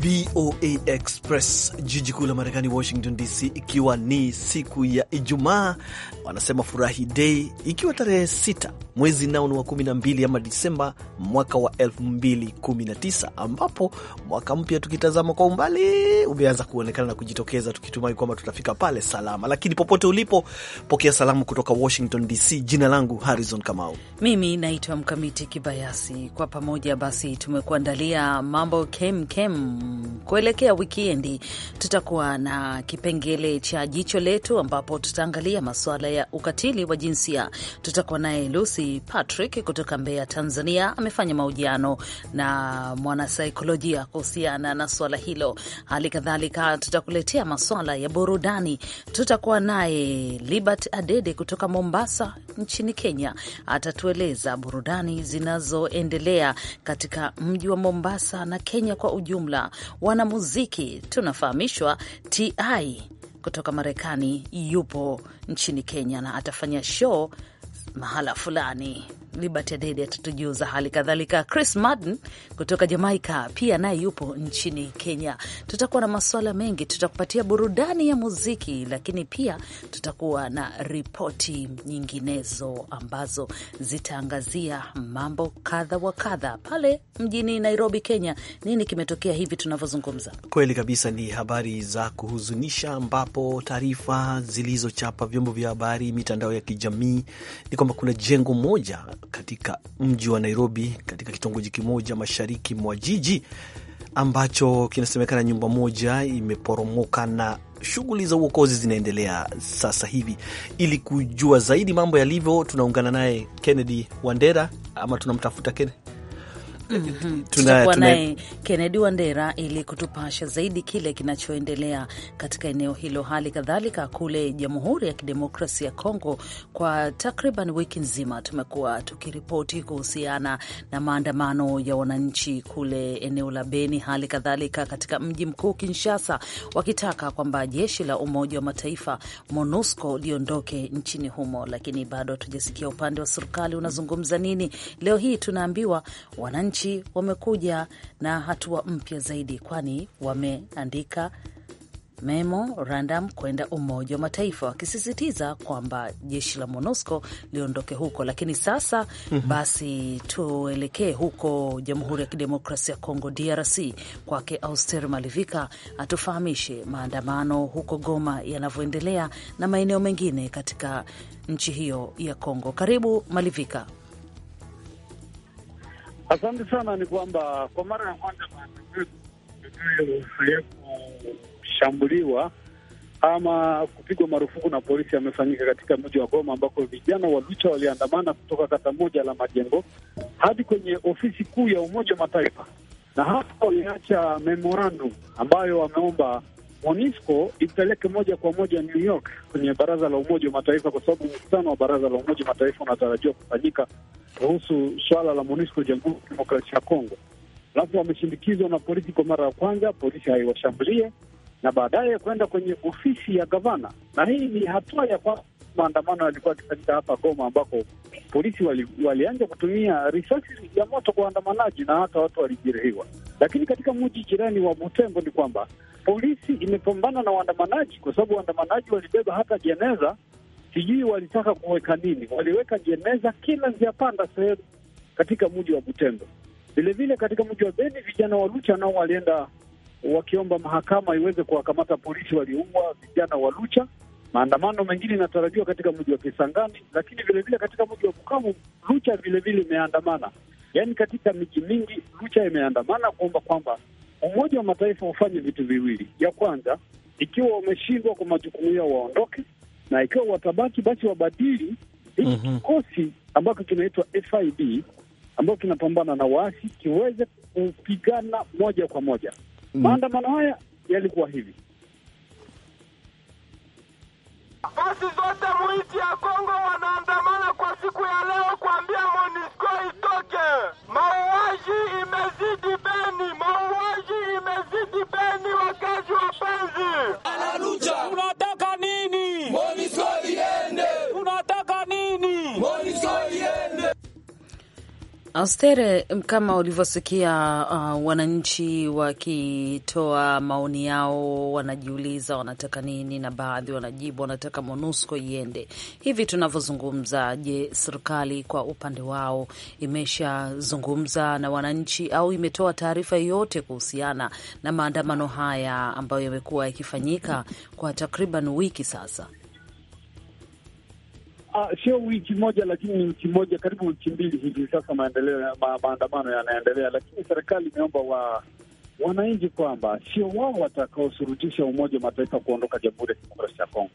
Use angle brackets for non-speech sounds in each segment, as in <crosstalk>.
VOA Express, jiji kuu la Marekani, Washington DC, ikiwa ni siku ya Ijumaa, wanasema furahi dei, ikiwa tarehe 6 mwezi nao ni wa 12 ama Disemba mwaka wa 219 ambapo mwaka mpya tukitazama kwa umbali umeanza kuonekana na kujitokeza, tukitumai kwamba tutafika pale salama. Lakini popote ulipo, pokea salamu kutoka Washington DC. Jina langu Harrison Kamau, mimi naitwa Mkamiti Kibayasi. Kwa pamoja basi tumekuandalia mambo kem kem kuelekea wikiendi tutakuwa na kipengele cha jicho letu, ambapo tutaangalia masuala ya ukatili wa jinsia. Tutakuwa naye Lucy Patrick kutoka Mbeya, Tanzania. Amefanya mahojiano na mwanasaikolojia kuhusiana na swala hilo. Hali kadhalika, tutakuletea masuala ya burudani. Tutakuwa naye Libert Adede kutoka Mombasa nchini Kenya atatueleza burudani zinazoendelea katika mji wa Mombasa na Kenya kwa ujumla. Wanamuziki tunafahamishwa TI kutoka Marekani yupo nchini Kenya na atafanya show mahala fulani. Liberty Dede atatujuza, hali kadhalika Chris Madden kutoka Jamaika pia naye yupo nchini Kenya. Tutakuwa na masuala mengi, tutakupatia burudani ya muziki, lakini pia tutakuwa na ripoti nyinginezo ambazo zitaangazia mambo kadha wa kadha pale mjini Nairobi, Kenya. Nini kimetokea hivi tunavyozungumza? Kweli kabisa, ni habari za kuhuzunisha, ambapo taarifa zilizochapa vyombo vya habari, mitandao ya kijamii ni kwamba kuna jengo moja katika mji wa Nairobi, katika kitongoji kimoja mashariki mwa jiji ambacho kinasemekana nyumba moja imeporomoka na shughuli za uokozi zinaendelea sasa hivi. Ili kujua zaidi mambo yalivyo, tunaungana naye Kennedy Wandera ama tunamtafuta Kennedy mm Tutakuwa naye Kennedy Wandera ili kutupasha zaidi kile kinachoendelea katika eneo hilo, hali kadhalika kule Jamhuri ya Kidemokrasia ya Kongo. Kwa takriban wiki nzima tumekuwa tukiripoti kuhusiana na maandamano ya wananchi kule eneo la Beni, hali kadhalika katika mji mkuu Kinshasa, wakitaka kwamba jeshi la Umoja wa Mataifa MONUSCO liondoke nchini humo, lakini bado hatujasikia upande wa serikali unazungumza nini. Leo hii tunaambiwa wananchi wananchi wamekuja na hatua mpya zaidi, kwani wameandika memorandum kwenda Umoja wa Mataifa wakisisitiza kwamba jeshi la MONUSCO liondoke huko. Lakini sasa mm -hmm. Basi tuelekee huko Jamhuri ya Kidemokrasia ya Kongo, DRC, kwake Auster Malivika atufahamishe maandamano huko Goma yanavyoendelea na maeneo mengine katika nchi hiyo ya Kongo. Karibu Malivika. Asante sana. Ni kwamba kwa mara ya kwanza kushambuliwa ama kupigwa marufuku na polisi amefanyika katika mji wa Goma, ambako vijana wa Lucha waliandamana kutoka kata moja la majengo hadi kwenye ofisi kuu ya Umoja wa Mataifa, na hapa waliacha memorandum ambayo wameomba MONUSCO ipeleke moja kwa moja New York kwenye Baraza la Umoja wa Mataifa, kwa sababu mkutano wa Baraza la Umoja wa Mataifa unatarajiwa kufanyika kuhusu swala la MONUSCO Jamhuri ya Kidemokrasia ya Kongo. Alafu wameshindikizwa na polisi kwa mara ya kwanza, polisi haiwashambulie na baadaye kwenda kwenye ofisi ya gavana, na hii ni hatua ya kwa maandamano yalikuwa yakifanyika hapa Goma ambako polisi walianza wali kutumia risasi ya moto kwa waandamanaji na hata watu walijeruhiwa. Lakini katika mji jirani wa Butembo ni kwamba polisi imepambana na waandamanaji, kwa sababu waandamanaji walibeba hata jeneza, sijui walitaka kuweka nini, waliweka jeneza kila njia panda sehemu katika mji wa Butembo. Vilevile katika mji wa Beni vijana wa Lucha nao walienda wakiomba mahakama iweze kuwakamata polisi waliumwa vijana wa Lucha. Maandamano mengine inatarajiwa katika mji wa Kisangani, lakini vilevile katika mji wa Bukavu Lucha vilevile imeandamana. Yaani katika miji mingi Lucha imeandamana kuomba kwamba Umoja wa Mataifa ufanye vitu viwili. Ya kwanza, ikiwa wameshindwa kwa majukumu yao waondoke, na ikiwa watabaki basi wabadili hiki mhm. kikosi ambacho kinaitwa FIB ambayo kinapambana na waasi kiweze kupigana moja kwa moja. Mhm. Maandamano mm. haya yalikuwa hivi Basi zote mwiti ya Kongo wanaandamana kwa siku ya leo mauaji imezidi Beni, wakazi Austere, kama ulivyosikia uh, wananchi wakitoa maoni yao, wanajiuliza wanataka nini, na baadhi wanajibu wanataka MONUSCO iende. Hivi tunavyozungumza, je, serikali kwa upande wao imeshazungumza na wananchi au imetoa taarifa yoyote kuhusiana na maandamano haya ambayo yamekuwa yakifanyika kwa takriban wiki sasa? Uh, sio wiki moja lakini ni wiki moja karibu wiki mbili hivi sasa, maendeleo ma, maandamano yanaendelea, lakini serikali imeomba wa wananchi kwamba sio wao watakaosurutisha Umoja wa Mataifa kuondoka Jamhuri ya Kidemokrasia ya Kongo.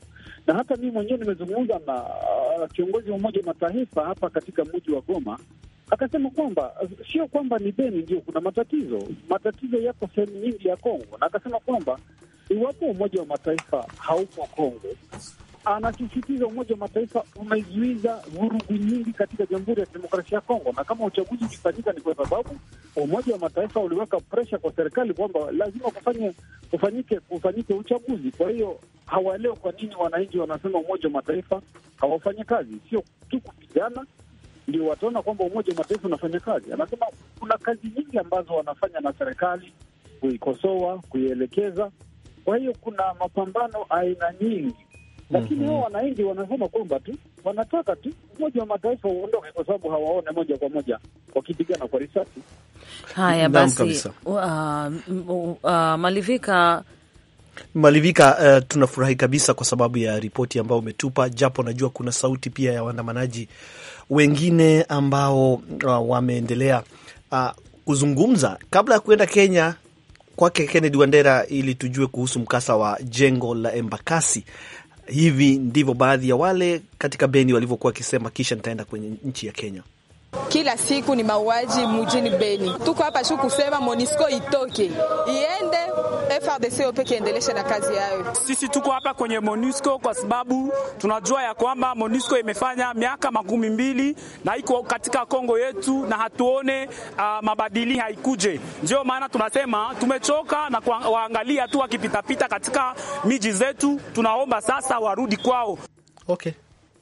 Na hata mii mwenyewe nimezungumza na uh, kiongozi wa Umoja wa Mataifa hapa katika mji wa Goma, akasema kwamba sio kwamba ni Beni ndio kuna matatizo, matatizo yako sehemu nyingi ya Kongo, na akasema kwamba iwapo Umoja wa Mataifa hauko Kongo anasisitiza Umoja wa Mataifa umezuiza vurugu nyingi katika Jamhuri ya Kidemokrasia ya Kongo, na kama uchaguzi ukifanyika ni kwa sababu Umoja wa Mataifa uliweka presha kwa serikali kwamba lazima kufanye kufanyike kufanyike uchaguzi. Kwa hiyo hawaelewe kwa nini wananchi wanasema Umoja wa Mataifa hawafanyi kazi, sio tu kupigana ndio wataona kwamba Umoja wa Mataifa unafanya kazi. Anasema kuna kazi nyingi ambazo wanafanya na serikali, kuikosoa, kuielekeza. Kwa hiyo kuna mapambano aina nyingi lakini mhm. hao wananchi wanasema kwamba tu wanataka tu Umoja wa Mataifa uondoke kwa sababu hawaone moja kwa moja wakipigana kwa risasi. Haya basi, uh, uh, malivika Malivika, uh, tunafurahi kabisa kwa sababu ya ripoti ambayo umetupa, japo najua kuna sauti pia ya waandamanaji wengine ambao uh, wameendelea uh, kuzungumza. Kabla ya kuenda Kenya kwake Kennedy Wandera, ili tujue kuhusu mkasa wa jengo la Embakasi Hivi ndivyo baadhi ya wale katika bendi walivyokuwa wakisema, kisha nitaenda kwenye nchi ya Kenya. Kila siku ni mauaji mjini Beni. Tuko hapa shu kusema Monisco itoke iende, FRDC peke endelesha na kazi yayo. Sisi tuko hapa kwenye Monisco kwa sababu tunajua ya kwamba Monisco imefanya miaka makumi mbili na iko katika Kongo yetu na hatuone uh, mabadili haikuje. Ndio maana tunasema tumechoka na kuangalia tu wakipitapita katika miji zetu, tunaomba sasa warudi kwao. Okay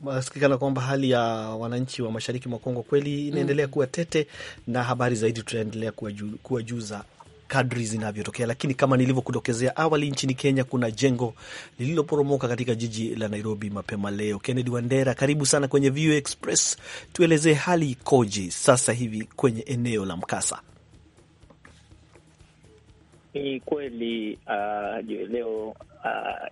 nasikikana kwamba hali ya wananchi wa mashariki mwa Kongo kweli inaendelea mm. kuwa tete, na habari zaidi tutaendelea kuwajuza kadri zinavyotokea. Lakini kama nilivyokudokezea awali, nchini Kenya kuna jengo lililoporomoka katika jiji la Nairobi mapema leo. Kennedy Wandera, karibu sana kwenye VOA Express, tuelezee hali ikoje sasa hivi kwenye eneo la mkasa? Ni kweli uh, leo uh,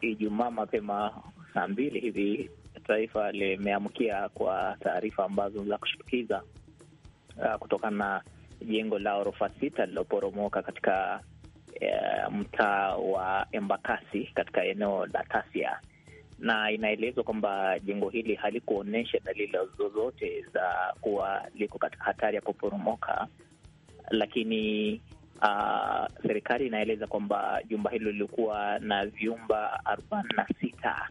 Ijumaa mapema saa mbili hivi Taifa limeamkia kwa taarifa ambazo za kushtukiza uh, kutokana na jengo la orofa sita lililoporomoka katika uh, mtaa wa Embakasi katika eneo la Tasia, na inaelezwa kwamba jengo hili halikuonyesha dalili zozote za kuwa liko katika hatari ya kuporomoka, lakini uh, serikali inaeleza kwamba jumba hilo lilikuwa na vyumba arobaini na sita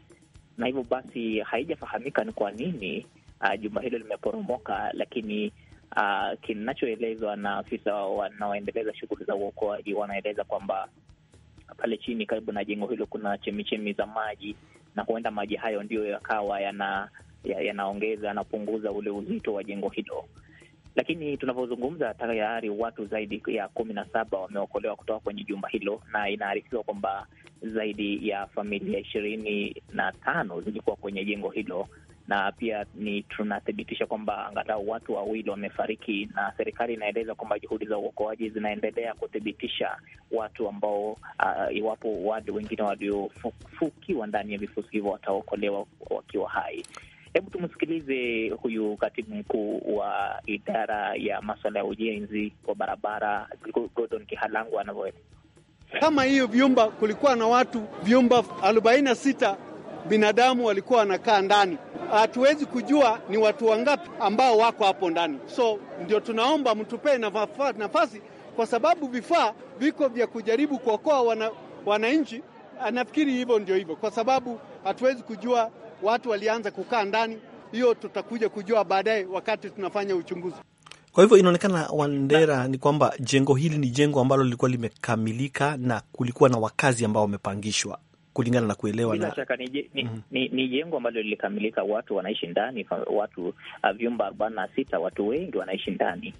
na hivyo basi haijafahamika ni kwa nini uh, jumba hilo limeporomoka, lakini uh, kinachoelezwa na afisa wanaoendeleza shughuli za uokoaji wanaeleza kwamba pale chini karibu na jengo hilo kuna chemichemi za maji, na huenda maji hayo ndiyo yakawa yanaongeza ya, yanapunguza ule uzito wa jengo hilo lakini tunavyozungumza tayari watu zaidi ya kumi na saba wameokolewa kutoka kwenye jumba hilo, na inaarifiwa kwamba zaidi ya familia ishirini na tano zilikuwa kwenye jengo hilo, na pia ni tunathibitisha kwamba angalau watu wawili wamefariki, na serikali inaeleza kwamba juhudi za uokoaji zinaendelea kuthibitisha watu ambao, uh, iwapo wale wengine waliofukiwa ndani ya vifusi hivyo wataokolewa wakiwa hai. Hebu tumsikilize huyu katibu mkuu wa idara ya maswala ya ujenzi wa barabara Gordon kihalangu anavyoeleza. Kama hiyo vyumba, kulikuwa na watu vyumba 46 binadamu walikuwa wanakaa ndani. Hatuwezi kujua ni watu wangapi ambao wako hapo ndani, so ndio tunaomba mtupee nafasi, kwa sababu vifaa viko vya kujaribu kuokoa wana, wananchi. Nafikiri hivyo ndio hivyo, kwa sababu hatuwezi kujua watu walianza kukaa ndani. Hiyo tutakuja kujua baadaye wakati tunafanya uchunguzi. Kwa hivyo inaonekana Wandera ni kwamba jengo hili ni jengo ambalo lilikuwa limekamilika na kulikuwa na wakazi ambao wamepangishwa kulingana na kuelewa bila na... shaka ni, ni, mm ni, ni jengo ambalo lilikamilika, watu wanaishi ndani, watu ah, vyumba arobaini na sita, watu wengi wanaishi ndani.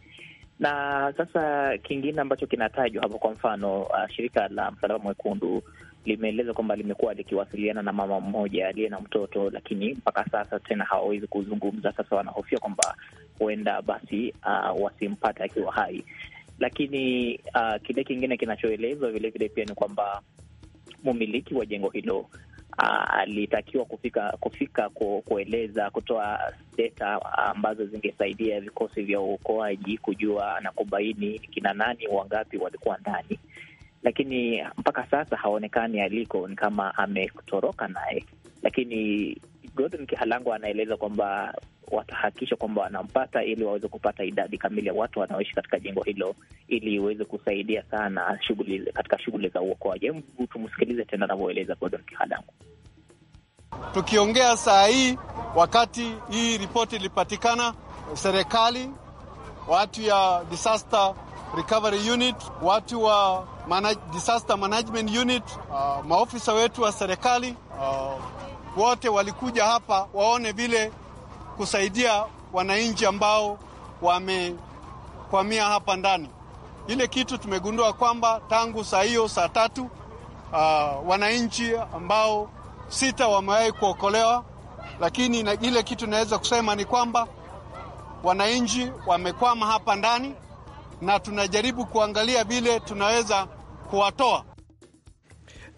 Na sasa kingine ambacho kinatajwa hapo, kwa mfano uh, shirika la Msalaba Mwekundu limeeleza kwamba limekuwa likiwasiliana na mama mmoja aliye na mtoto, lakini mpaka sasa tena hawawezi kuzungumza. Sasa wanahofia kwamba huenda basi uh, wasimpate akiwa hai, lakini uh, kile kingine kinachoelezwa vilevile pia ni kwamba mumiliki wa jengo hilo uh, alitakiwa kufika kufika ku, kueleza kutoa data ambazo zingesaidia vikosi vya uokoaji kujua na kubaini kina nani wangapi walikuwa ndani, lakini mpaka sasa haonekani aliko, ni kama ametoroka naye. Lakini Gordon Kihalango anaeleza kwamba watahakikisha kwamba wanampata ili waweze kupata idadi kamili ya watu wanaoishi katika jengo hilo ili iweze kusaidia sana shughuli katika shughuli za uokoaji. Hebu tumsikilize tena anavyoeleza Gordon Kihalango. Tukiongea saa hii, wakati hii ripoti ilipatikana, serikali watu ya disaster recovery unit, watu wa manaj disaster management unit, uh, maofisa wetu wa serikali uh, wote walikuja hapa waone vile kusaidia wananchi ambao wamekwamia hapa ndani. Ile kitu tumegundua kwamba tangu saa hiyo saa tatu uh, wananchi ambao sita wamewahi kuokolewa, lakini ile kitu naweza kusema ni kwamba wananchi wamekwama hapa ndani na tunajaribu kuangalia vile tunaweza kuwatoa.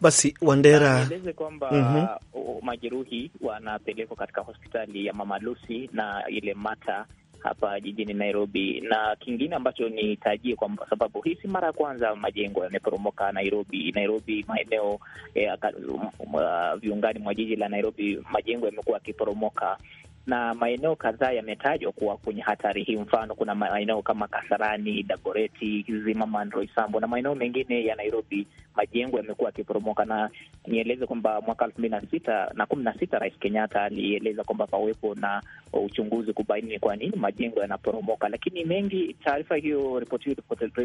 Basi Wandera, nieleze kwamba mm -hmm. majeruhi wanapelekwa katika hospitali ya Mama Lucy na ile Mata hapa jijini Nairobi. Na kingine ambacho nitajie, kwa sababu hii si mara ya kwanza majengo yameporomoka Nairobi. Nairobi maeneo eh, uh, viungani mwa jiji la Nairobi, majengo yamekuwa yakiporomoka na maeneo kadhaa yametajwa kuwa kwenye hatari hii. Mfano, kuna maeneo kama Kasarani, Dagoreti, zimamanroisambo na maeneo mengine ya Nairobi, majengo yamekuwa yakiporomoka, na nieleze kwamba mwaka elfu mbili na sita na kumi na sita Rais Kenyatta alieleza kwamba pawepo na uchunguzi kubaini ni kwa nini majengo yanaporomoka, lakini mengi, taarifa hiyo, ripoti hiyo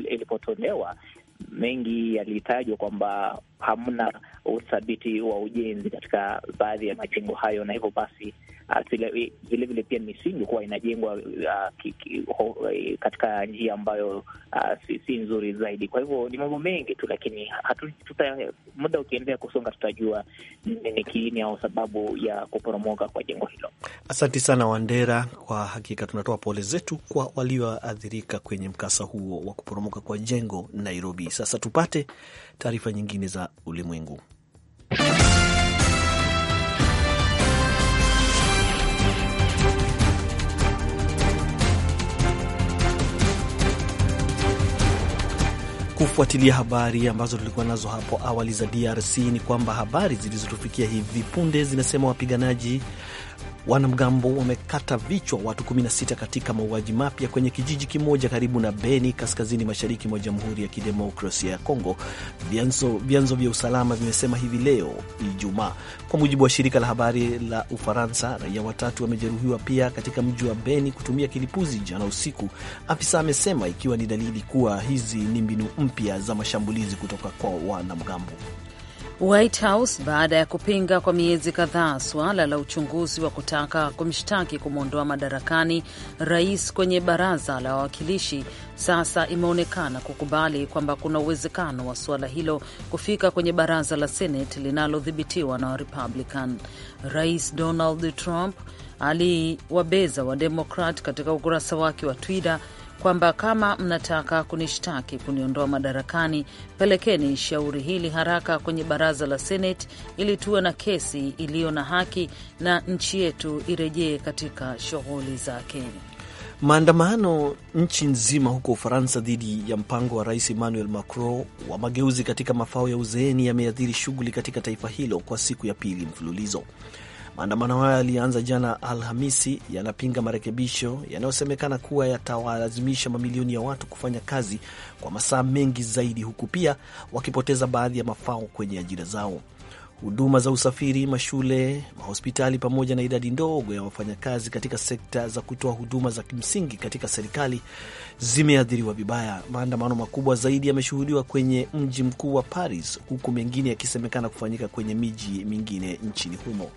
ilipotolewa, mengi yalitajwa kwamba hamna uthabiti wa ujenzi katika baadhi ya majengo hayo, na hivyo basi vilevile uh, vile pia misingi kuwa inajengwa uh, eh, katika njia ambayo uh, si, si nzuri zaidi. Kwa hivyo ni mambo mengi tu, lakini hatu, tuta, muda ukiendelea kusonga tutajua ni kiini au sababu ya kuporomoka kwa jengo hilo. Asante sana Wandera, kwa hakika tunatoa pole zetu kwa walioathirika kwenye mkasa huo wa kuporomoka kwa jengo Nairobi. Sasa tupate taarifa nyingine za ulimwengu. Kufuatilia habari ambazo tulikuwa nazo hapo awali za DRC ni kwamba habari zilizotufikia hivi punde zinasema wapiganaji Wanamgambo wamekata vichwa watu 16 katika mauaji mapya kwenye kijiji kimoja karibu na Beni, kaskazini mashariki mwa Jamhuri ya Kidemokrasia ya Kongo, vyanzo vya usalama vimesema hivi leo Ijumaa, kwa mujibu wa shirika la habari la Ufaransa. Raia watatu wamejeruhiwa pia katika mji wa Beni kutumia kilipuzi jana usiku, afisa amesema, ikiwa ni dalili kuwa hizi ni mbinu mpya za mashambulizi kutoka kwa wanamgambo. White House baada ya kupinga kwa miezi kadhaa suala la uchunguzi wa kutaka kumshtaki kumwondoa madarakani rais kwenye baraza la wawakilishi, sasa imeonekana kukubali kwamba kuna uwezekano wa suala hilo kufika kwenye baraza la Senate linalodhibitiwa na Warepublican. Rais Donald Trump aliwabeza Wademokrat katika ukurasa wake wa Twitter kwamba kama mnataka kunishtaki, kuniondoa madarakani, pelekeni shauri hili haraka kwenye baraza la Seneti ili tuwe na kesi iliyo na haki na nchi yetu irejee katika shughuli zake. Maandamano nchi nzima huko Ufaransa dhidi ya mpango wa rais Emmanuel Macron wa mageuzi katika mafao ya uzeeni yameathiri shughuli katika taifa hilo kwa siku ya pili mfululizo. Maandamano hayo yalianza jana Alhamisi, yanapinga marekebisho yanayosemekana kuwa yatawalazimisha mamilioni ya watu kufanya kazi kwa masaa mengi zaidi, huku pia wakipoteza baadhi ya mafao kwenye ajira zao. Huduma za usafiri, mashule, mahospitali pamoja na idadi ndogo ya wafanyakazi katika sekta za kutoa huduma za kimsingi katika serikali zimeathiriwa vibaya. Maandamano makubwa zaidi yameshuhudiwa kwenye mji mkuu wa Paris, huku mengine yakisemekana kufanyika kwenye miji mingine nchini humo.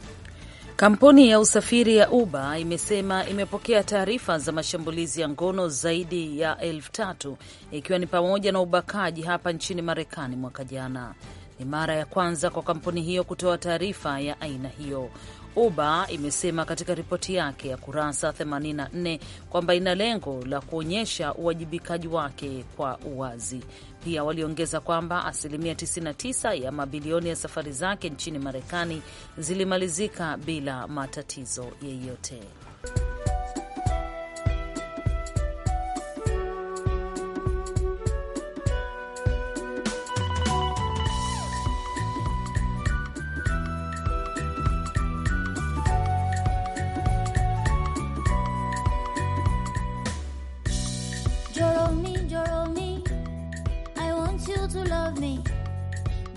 Kampuni ya usafiri ya Uber imesema imepokea taarifa za mashambulizi ya ngono zaidi ya elfu tatu ikiwa ni pamoja na ubakaji hapa nchini Marekani mwaka jana. Ni mara ya kwanza kwa kampuni hiyo kutoa taarifa ya aina hiyo. Uber imesema katika ripoti yake ya kurasa 84 kwamba ina lengo la kuonyesha uwajibikaji wake kwa uwazi. Pia waliongeza kwamba asilimia 99 ya mabilioni ya safari zake nchini Marekani zilimalizika bila matatizo yeyote.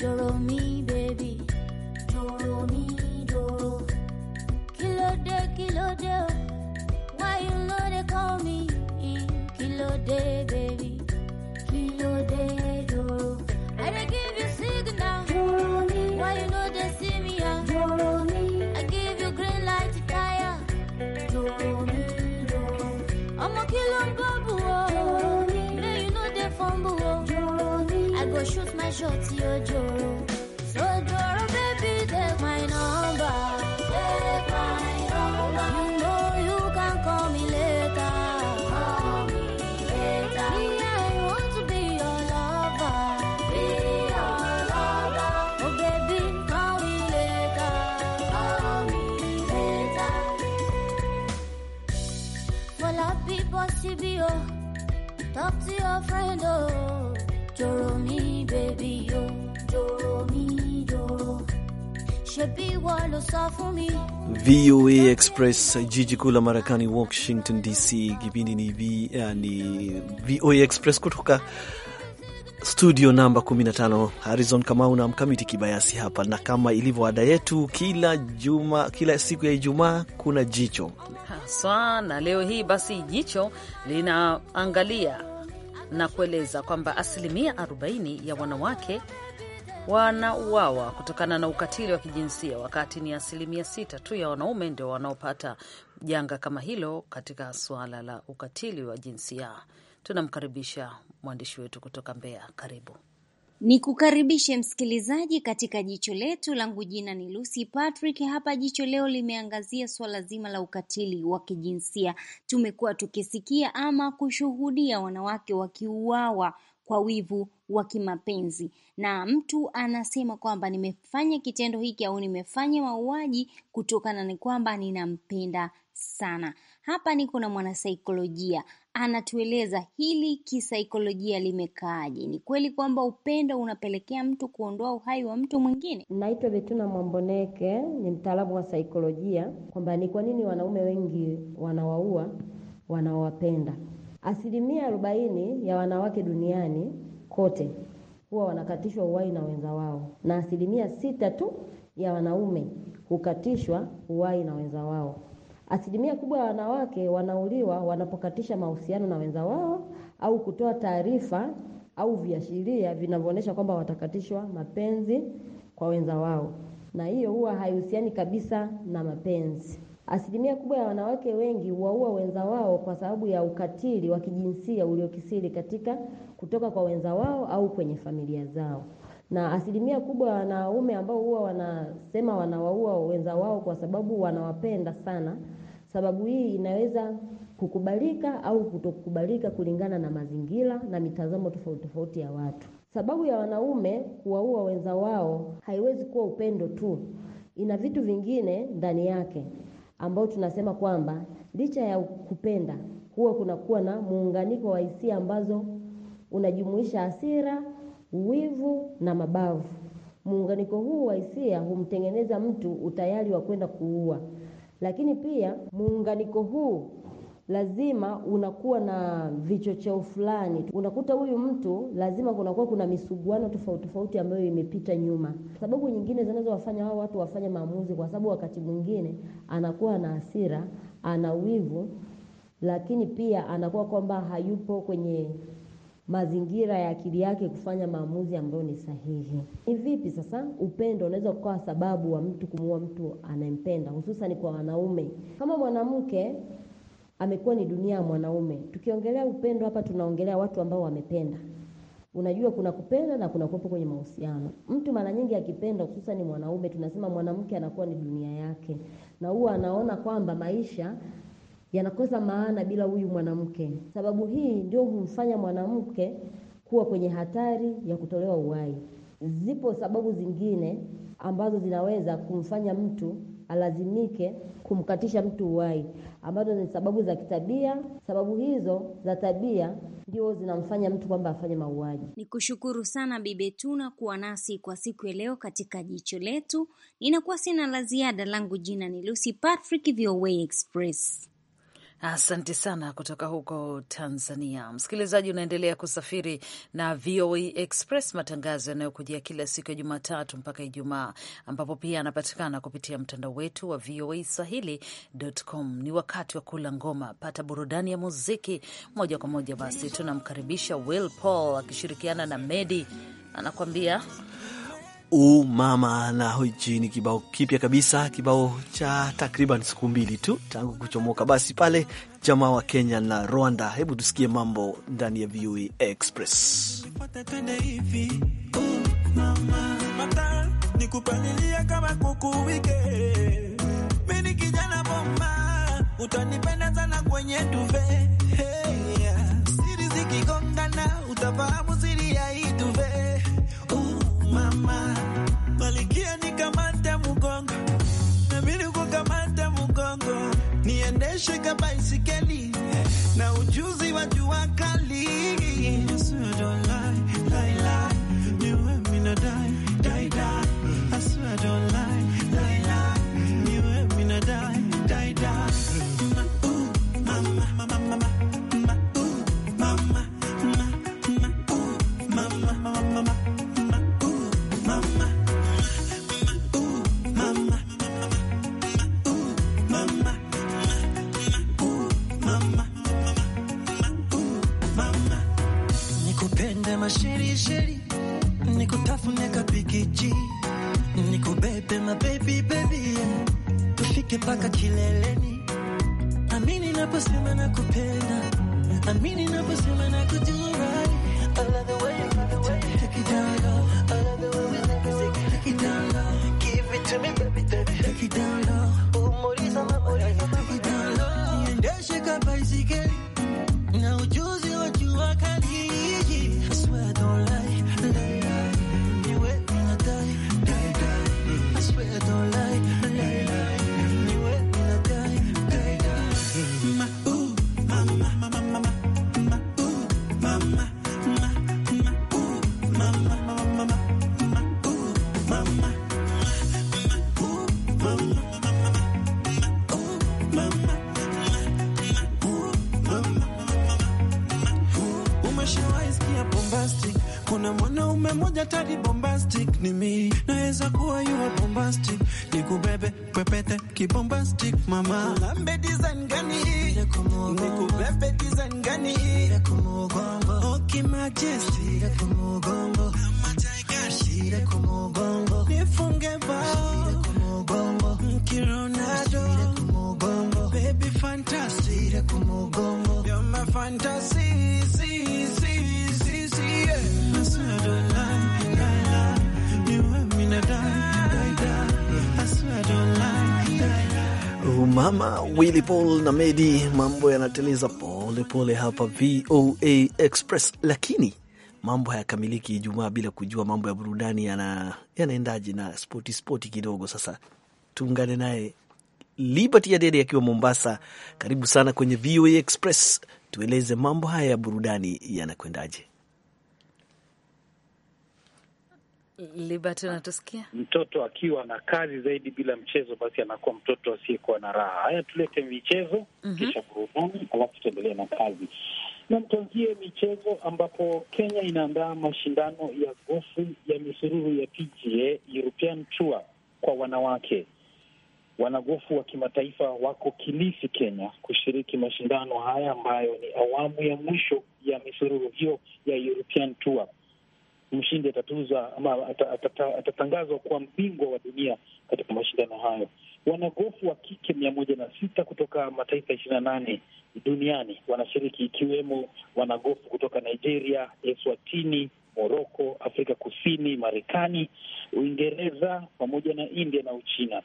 Follow me. VOA oh. Express, jiji kuu la Marekani, Washington DC. Kipindi ni, v, uh, ni VOA Express kutoka studio namba 15 harizon Kamau na mkamiti Kibayasi hapa, na kama ilivyo ada yetu kila juma, kila siku ya Ijumaa kuna jicho haswa, na leo hii basi jicho linaangalia na kueleza kwamba asilimia 40 ya wanawake wanauawa kutokana na ukatili wa kijinsia, wakati ni asilimia sita tu ya wanaume ndio wanaopata janga kama hilo katika suala la ukatili wa jinsia. Tunamkaribisha mwandishi wetu kutoka Mbeya. Karibu ni kukaribishe msikilizaji katika jicho letu, langu jina ni Lucy Patrick. Hapa jicho leo limeangazia suala zima la ukatili wa kijinsia. Tumekuwa tukisikia ama kushuhudia wanawake wakiuawa kwa wivu wa kimapenzi, na mtu anasema kwamba nimefanya kitendo hiki au nimefanya mauaji kutokana na kwamba ninampenda sana. Hapa niko na mwanasaikolojia anatueleza hili kisaikolojia limekaaje. Ni kweli kwamba upendo unapelekea mtu kuondoa uhai wa mtu mwingine? Naitwa Betuna Mwamboneke, ni mtaalamu wa saikolojia, kwamba ni kwa nini wanaume wengi wanawaua wanaowapenda. Asilimia arobaini ya wanawake duniani kote huwa wanakatishwa uhai na wenza wao, na asilimia sita tu ya wanaume hukatishwa uhai na wenza wao. Asilimia kubwa ya wanawake wanauliwa wanapokatisha mahusiano na wenza wao au kutoa taarifa au viashiria vinavyoonyesha kwamba watakatishwa mapenzi kwa wenza wao, na hiyo huwa haihusiani kabisa na mapenzi. Asilimia kubwa ya wanawake wengi huwaua wenza wao kwa sababu ya ukatili wa kijinsia uliokisiri katika kutoka kwa wenza wao au kwenye familia zao, na asilimia kubwa ya wanaume ambao huwa wanasema wanawaua wenza wao kwa sababu wanawapenda sana Sababu hii inaweza kukubalika au kutokubalika kulingana na mazingira na mitazamo tofauti tofauti ya watu. Sababu ya wanaume kuwaua wenza wao haiwezi kuwa upendo tu, ina vitu vingine ndani yake ambao tunasema kwamba licha ya kupenda huwa kunakuwa na muunganiko wa hisia ambazo unajumuisha hasira, uwivu na mabavu. Muunganiko huu wa hisia humtengeneza mtu utayari wa kwenda kuua. Lakini pia muunganiko huu lazima unakuwa na vichocheo fulani. Unakuta huyu mtu lazima kunakuwa kuna misuguano tofauti tofauti ambayo imepita nyuma. Sababu nyingine zinazowafanya hao watu wafanye maamuzi, kwa sababu wakati mwingine anakuwa na hasira, ana wivu, lakini pia anakuwa kwamba hayupo kwenye mazingira ya akili yake kufanya maamuzi ambayo ni sahihi. Ni vipi sasa upendo unaweza kukawa sababu wa mtu kumuua mtu anayempenda hususan kwa wanaume? Kama mwanamke amekuwa ni dunia ya mwanaume. Tukiongelea upendo hapa tunaongelea watu ambao wamependa. Unajua kuna kupenda na kuna kuwepo kwenye mahusiano. Mtu mara nyingi akipenda hususan mwanaume tunasema mwanamke anakuwa ni dunia yake. Na huwa anaona kwamba maisha yanakosa maana bila huyu mwanamke. Sababu hii ndio humfanya mwanamke kuwa kwenye hatari ya kutolewa uhai. Zipo sababu zingine ambazo zinaweza kumfanya mtu alazimike kumkatisha mtu uhai, ambazo ni sababu za kitabia. Sababu hizo za tabia ndio zinamfanya mtu kwamba afanye mauaji. Ni kushukuru sana bibe Tuna kuwa nasi kwa siku ya leo katika jicho letu. Ninakuwa sina la ziada, langu jina ni Lucy Patrick, VOA Express. Asante sana kutoka huko Tanzania. Msikilizaji, unaendelea kusafiri na VOA e Express, matangazo yanayokujia kila siku ya Jumatatu mpaka Ijumaa, ambapo pia anapatikana kupitia mtandao wetu wa VOA e Swahili.com. Ni wakati wa kula ngoma, pata burudani ya muziki moja kwa moja. Basi tunamkaribisha Will Paul akishirikiana na Medi anakuambia umama na hichi ni kibao kipya kabisa, kibao cha takriban siku mbili tu tangu kuchomoka basi pale jamaa wa Kenya na Rwanda. Hebu tusikie mambo ndani ya VOA e Express. nifike mpaka kileleni. Amini naposema na kupenda amini naposema nakujua na ujuzi kuna mwanaume mmoja tadi bombastic ni mi naweza kuwa yuwa bombastic nikubebe pepete kibombastic mama lambe design gani nikubebe design gani okimajesti nifunge bao mkironado baby fantasy You're my fantasy, see, see. Mama Willy Paul na Medi, mambo yanateleza pole pole hapa VOA Express, lakini mambo hayakamiliki Ijumaa bila kujua mambo ya burudani yanaendaje, yana na spoti spoti kidogo. Sasa tuungane naye Liberty ya Dede akiwa Mombasa. Karibu sana kwenye VOA Express, tueleze mambo haya ya burudani yanakwendaje? Libert, Mtoto akiwa na kazi zaidi bila mchezo, basi anakuwa mtoto asiyekuwa na raha. Haya, tulete michezo mm -hmm. kisha burudani, alafu tuendelee na kazi na mtanzie michezo ambapo Kenya inaandaa mashindano ya gofu ya misururu ya PGA European Tour kwa wanawake. Wanagofu wa kimataifa wako Kilifi, Kenya, kushiriki mashindano haya ambayo ni awamu ya mwisho ya misururu hiyo ya European Tour mshindi atatuza ama atatangazwa kuwa mbingwa wa dunia katika mashindano hayo. Wanagofu wa kike mia moja na sita kutoka mataifa ishirini na nane duniani wanashiriki ikiwemo wanagofu kutoka Nigeria, Eswatini, Moroko, Afrika Kusini, Marekani, Uingereza pamoja na India na Uchina.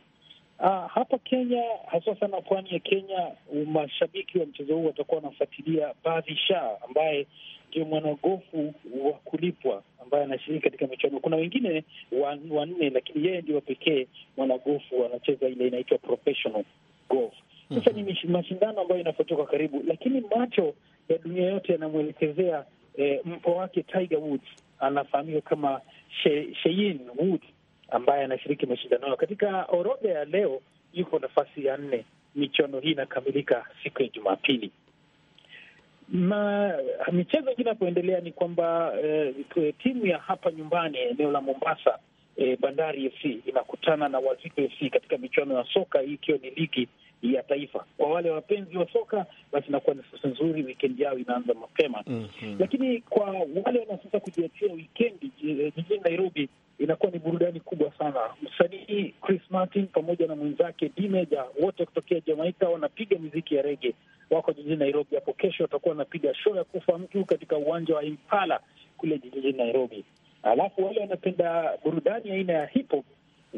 Ah, hapa Kenya haswa sana pwani ya Kenya, mashabiki wa mchezo huu watakuwa wanafuatilia Badhi Shah ambaye ndio mwanagofu wa kulipwa ambaye anashiriki katika michuano. Kuna wengine wanne wa lakini yeye ndio pekee mwanagofu anacheza ile inaitwa professional golf. Sasa mm -hmm. ni mhm. mashindano ambayo inafuatia kwa karibu, lakini macho ya dunia yote yanamwelekezea eh, mpo wake Tiger Woods anafahamika kama She, Shein Woods ambaye anashiriki mashindano hayo. Katika orodha ya leo yuko nafasi ya nne. Michuano hii inakamilika siku ya Jumapili na michezo ingine inapoendelea ni kwamba eh, timu ya hapa nyumbani eneo la Mombasa eh, Bandari FC inakutana na Wazito FC katika michuano ya soka, hii ikiwa ni ligi ya taifa. Kwa wale wapenzi wa soka, basi inakuwa ni fursa nzuri, wikendi yao inaanza mapema mm -hmm. Lakini kwa wale wanaosasa kujiachia wikendi eh, jijini Nairobi, inakuwa ni burudani kubwa sana. Msanii Chris Martin pamoja na mwenzake Dimeja, wote kutokea Jamaika, wanapiga miziki ya rege wako jijini Nairobi hapo kesho, watakuwa wanapiga show ya kufa mtu katika uwanja wa Impala kule jijini Nairobi. Alafu wale wanapenda burudani aina ya hip hop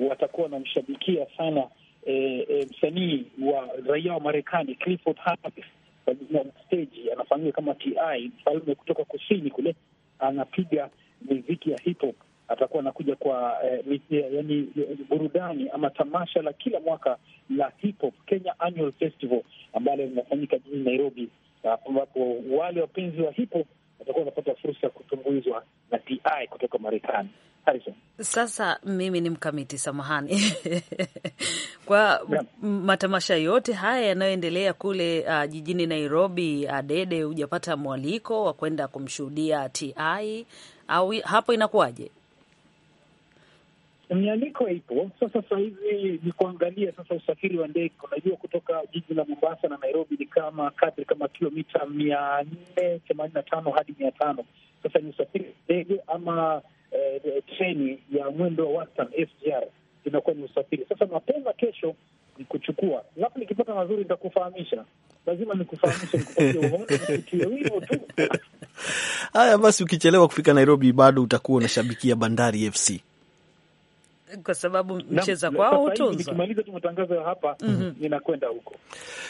watakuwa wanamshabikia sana e, e, msanii wa raia wa Marekani Clifford Harris kwa jina la stage anafahamika kama TI, mfalme kutoka kusini kule, anapiga miziki ya hip hop atakuwa anakuja kwa eh, yani burudani ama tamasha la kila mwaka la hip hop Kenya Annual Festival ambalo linafanyika jijini Nairobi, ambapo wale wapenzi wa hip hop watakuwa wanapata fursa ya kutumbuizwa na TI kutoka Marekani. sasa mimi ni mkamiti, samahani <laughs> kwa matamasha yote haya yanayoendelea kule uh, jijini Nairobi. Adede, uh, hujapata mwaliko wa kwenda kumshuhudia TI au hapo inakuwaje? Mialiko ipo sasa. Saa hizi ni kuangalia sasa usafiri wa ndege. Unajua, kutoka jiji la Mombasa na Nairobi ni kama kadri kama kilomita mia nne themanini na tano hadi mia tano Sasa ni usafiri wa ndege ama eh, treni ya mwendo wa wastani SGR inakuwa ni usafiri sasa. Mapema kesho ni kuchukua, alafu nikipata mazuri nitakufahamisha. Lazima nikufahamishe, nikupatie <laughs> uhondo tu. Haya basi, ukichelewa kufika Nairobi bado utakuwa unashabikia Bandari FC kwa sababu mcheza kwao utunza. Nikimaliza tu matangazo ya hapa mm -hmm. ninakwenda huko.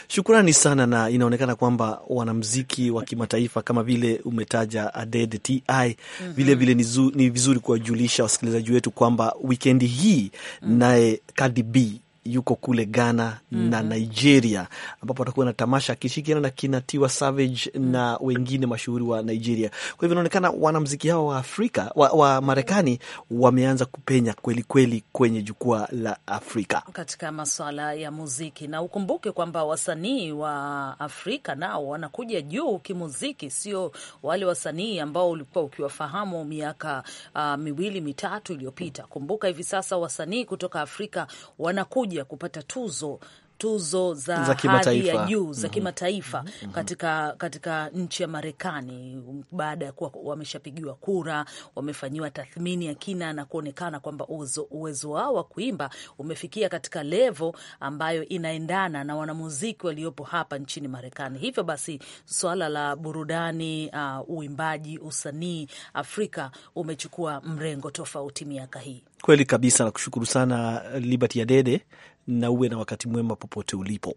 Shukrani sana, na inaonekana kwamba wanamziki wa kimataifa kama vile umetaja Adede Ti mm -hmm. vilevile ni vizuri kuwajulisha wasikilizaji wetu kwamba wikendi hii mm -hmm. naye Cardi B yuko kule Ghana mm -hmm. na mhm. Nigeria ambapo atakuwa na tamasha akishikiana na Kinatiwa Savage mm. na wengine mashuhuri wa Nigeria. Kwa hivyo inaonekana wanamziki hawa wa Afrika wa, wa Marekani wameanza kupenya kwelikweli kweli kwenye jukwaa la Afrika katika maswala ya muziki, na ukumbuke kwamba wasanii wa Afrika nao wanakuja juu kimuziki, sio wale wasanii ambao ulikuwa ukiwafahamu miaka uh, miwili mitatu iliyopita. Kumbuka hivi sasa wasanii kutoka Afrika wanakuja kuja kupata tuzo tuzo za, za hadhi ya juu za mm-hmm. kimataifa mm -hmm. katika, katika nchi ya Marekani baada ya kuwa wameshapigiwa kura, wamefanyiwa tathmini ya kina na kuonekana kwamba uwezo wao wa kuimba umefikia katika levo ambayo inaendana na wanamuziki waliopo hapa nchini Marekani. Hivyo basi swala la burudani, uh, uimbaji, usanii Afrika umechukua mrengo tofauti miaka hii. Kweli kabisa, nakushukuru sana Liberty Adede na uwe na wakati mwema popote ulipo.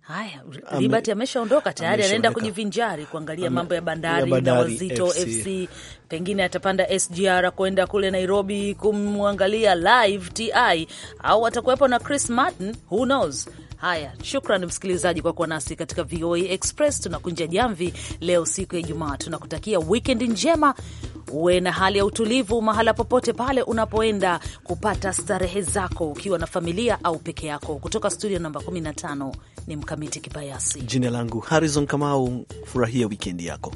Haya, Libati ameshaondoka tayari, anaenda kujivinjari kuangalia mambo ya Bandari, ya Bandari na Wazito FC. FC pengine atapanda SGR kwenda kule Nairobi kumwangalia live TI au atakuwepo na Chris Martin, who knows Haya, shukran msikilizaji kwa kuwa nasi katika VOA Express. Tunakunja jamvi leo, siku ya Ijumaa. Tunakutakia wikendi njema, uwe na hali ya utulivu mahala popote pale unapoenda kupata starehe zako, ukiwa na familia au peke yako. Kutoka studio namba 15 ni Mkamiti Kibayasi, jina langu Harrison Kamau. Furahia wikendi yako.